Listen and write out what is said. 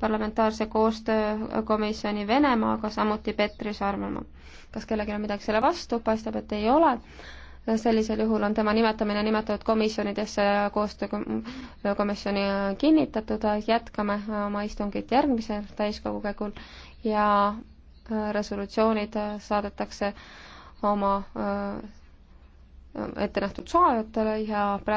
parlamentaarse koostöökomisjoni Venemaaga, samuti Petri Sarvemaa. kas kellelgi on midagi selle vastu, paistab, et ei ole. sellisel juhul on tema nimetamine nimetatud komisjonidesse koostöökomisjoni kinnitatud, jätkame oma istungit järgmisel täiskogu käigul ja äh, resolutsioonid saadetakse oma äh, ettenähtud saajatele ja